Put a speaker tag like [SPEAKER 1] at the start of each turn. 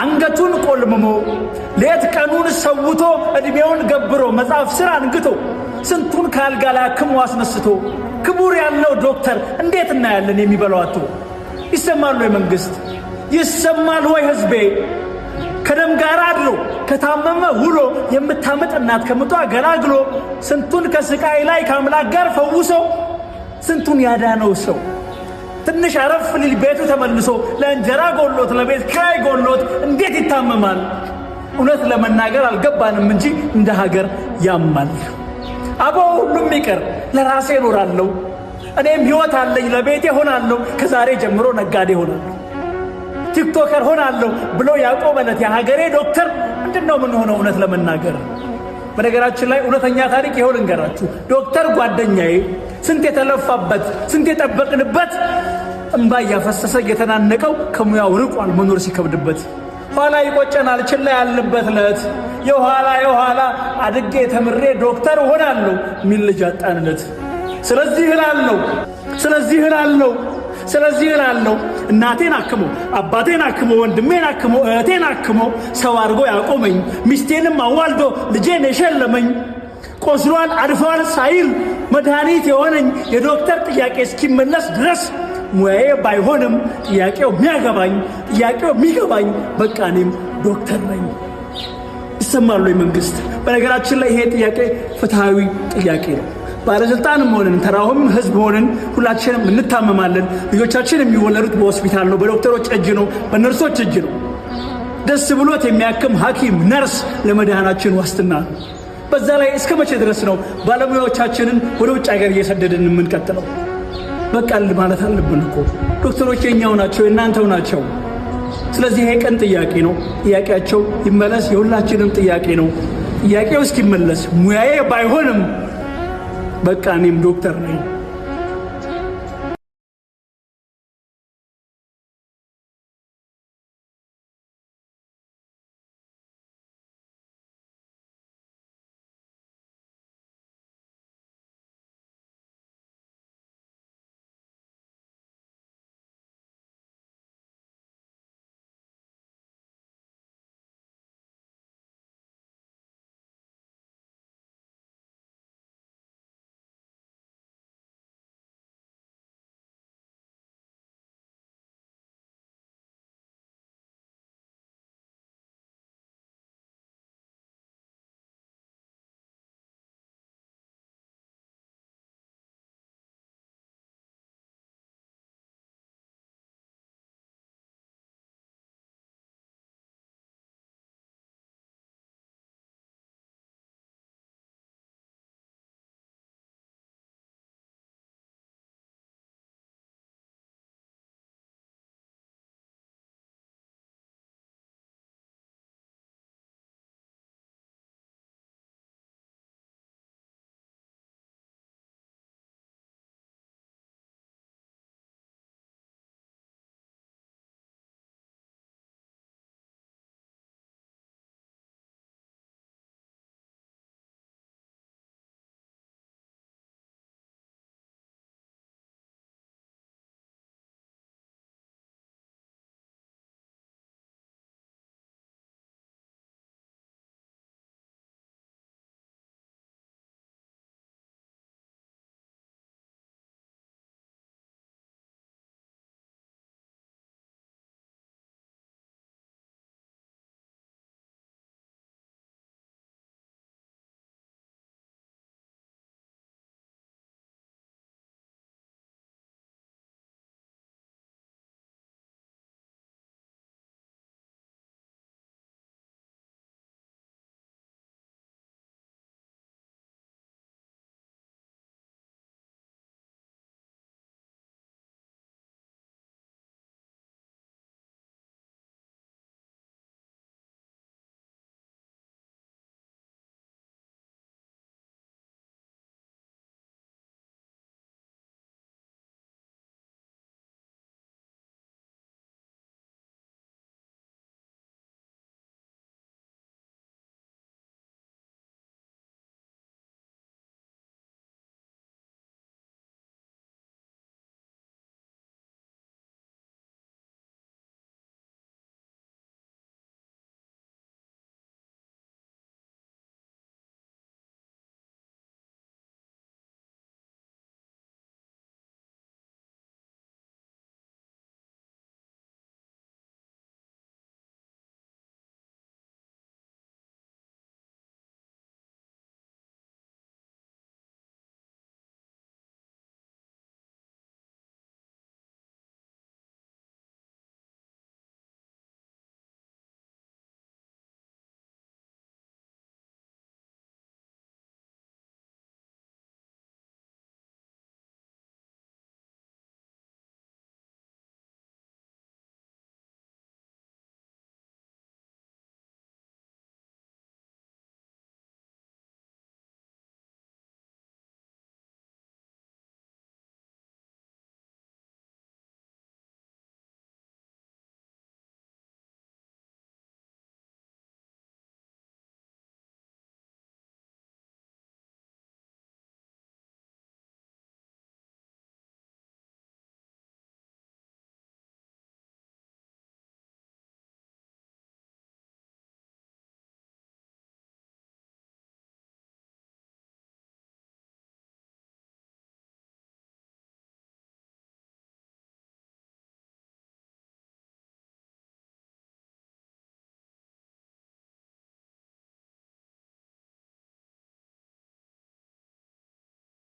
[SPEAKER 1] አንገቱን ቆልምሞ ሌት ቀኑን ሰውቶ ዕድሜውን ገብሮ መጽሐፍ ስር አንግቶ ስንቱን ከአልጋ ላይ አክሞ አስነስቶ ክቡር ያለው ዶክተር እንዴት እናያለን የሚበሏቱ ይሰማል ወይ መንግሥት? ይሰማል ወይ ሕዝቤ? ከደም ጋር አድሎ ከታመመ ውሎ የምታምጥ እናት ከምቶ አገላግሎ ስንቱን ከስቃይ ላይ ከአምላክ ጋር ፈውሶ ስንቱን ያዳነው ሰው ትንሽ አረፍ ሊል ቤቱ ተመልሶ ለእንጀራ ጎሎት፣ ለቤት ኪራይ ጎሎት እንዴት ይታመማል? እውነት ለመናገር አልገባንም እንጂ እንደ ሀገር ያማል። አበው ሁሉም ይቅር፣ ለራሴ እኖራለሁ፣ እኔም ህይወት አለኝ፣ ለቤቴ ሆናለሁ፣ ከዛሬ ጀምሮ ነጋዴ ሆናለሁ፣ ቲክቶከር ሆናለሁ ብሎ ያቆመለት የሀገሬ ዶክተር ምንድን ነው የምንሆነው? እውነት ለመናገር በነገራችን ላይ እውነተኛ ታሪክ ይኸው ልንገራችሁ። ዶክተር ጓደኛዬ ስንት የተለፋበት ስንት የጠበቅንበት እንባ እያፈሰሰ እየተናነቀው ከሙያው ርቋል። መኖር ሲከብድበት ኋላ ይቆጨናል። ችላ ያልንበት ለት የኋላ የኋላ አድጌ ተምሬ ዶክተር እሆናለሁ ሚል ልጅ አጣንለት። ስለዚህ እላለሁ ስለዚህ እላለሁ ስለዚህ እላለሁ እናቴን አክሞ አባቴን አክሞ ወንድሜን አክሞ እህቴን አክሞ ሰው አድርጎ ያቆመኝ ሚስቴንም አዋልዶ ልጄን የሸለመኝ ቆስሏል አድፏል ሳይል መድኃኒት የሆነኝ የዶክተር ጥያቄ እስኪመለስ ድረስ ሙያዬ ባይሆንም ጥያቄው የሚያገባኝ ጥያቄው የሚገባኝ በቃ እኔም ዶክተር ነኝ። ይሰማሉ መንግስት። በነገራችን ላይ ይሄ ጥያቄ ፍትሐዊ ጥያቄ ነው። ባለስልጣንም ሆንን ተራውም ህዝብ ሆንን ሁላችንም እንታመማለን። ልጆቻችን የሚወለዱት በሆስፒታል ነው፣ በዶክተሮች እጅ ነው፣ በነርሶች እጅ ነው። ደስ ብሎት የሚያክም ሐኪም ነርስ ለመድኃናችን ዋስትና ነው። በዛ ላይ እስከ መቼ ድረስ ነው ባለሙያዎቻችንን ወደ ውጭ ሀገር እየሰደድን የምንቀጥለው? በቃል ማለት አለብን እኮ ዶክተሮች የኛው ናቸው፣ የእናንተው ናቸው። ስለዚህ ይሄ ቀን ጥያቄ ነው። ጥያቄያቸው ይመለስ፣ የሁላችንም ጥያቄ ነው። ጥያቄው እስኪመለስ ሙያዬ ባይሆንም በቃ እኔም ዶክተር ነኝ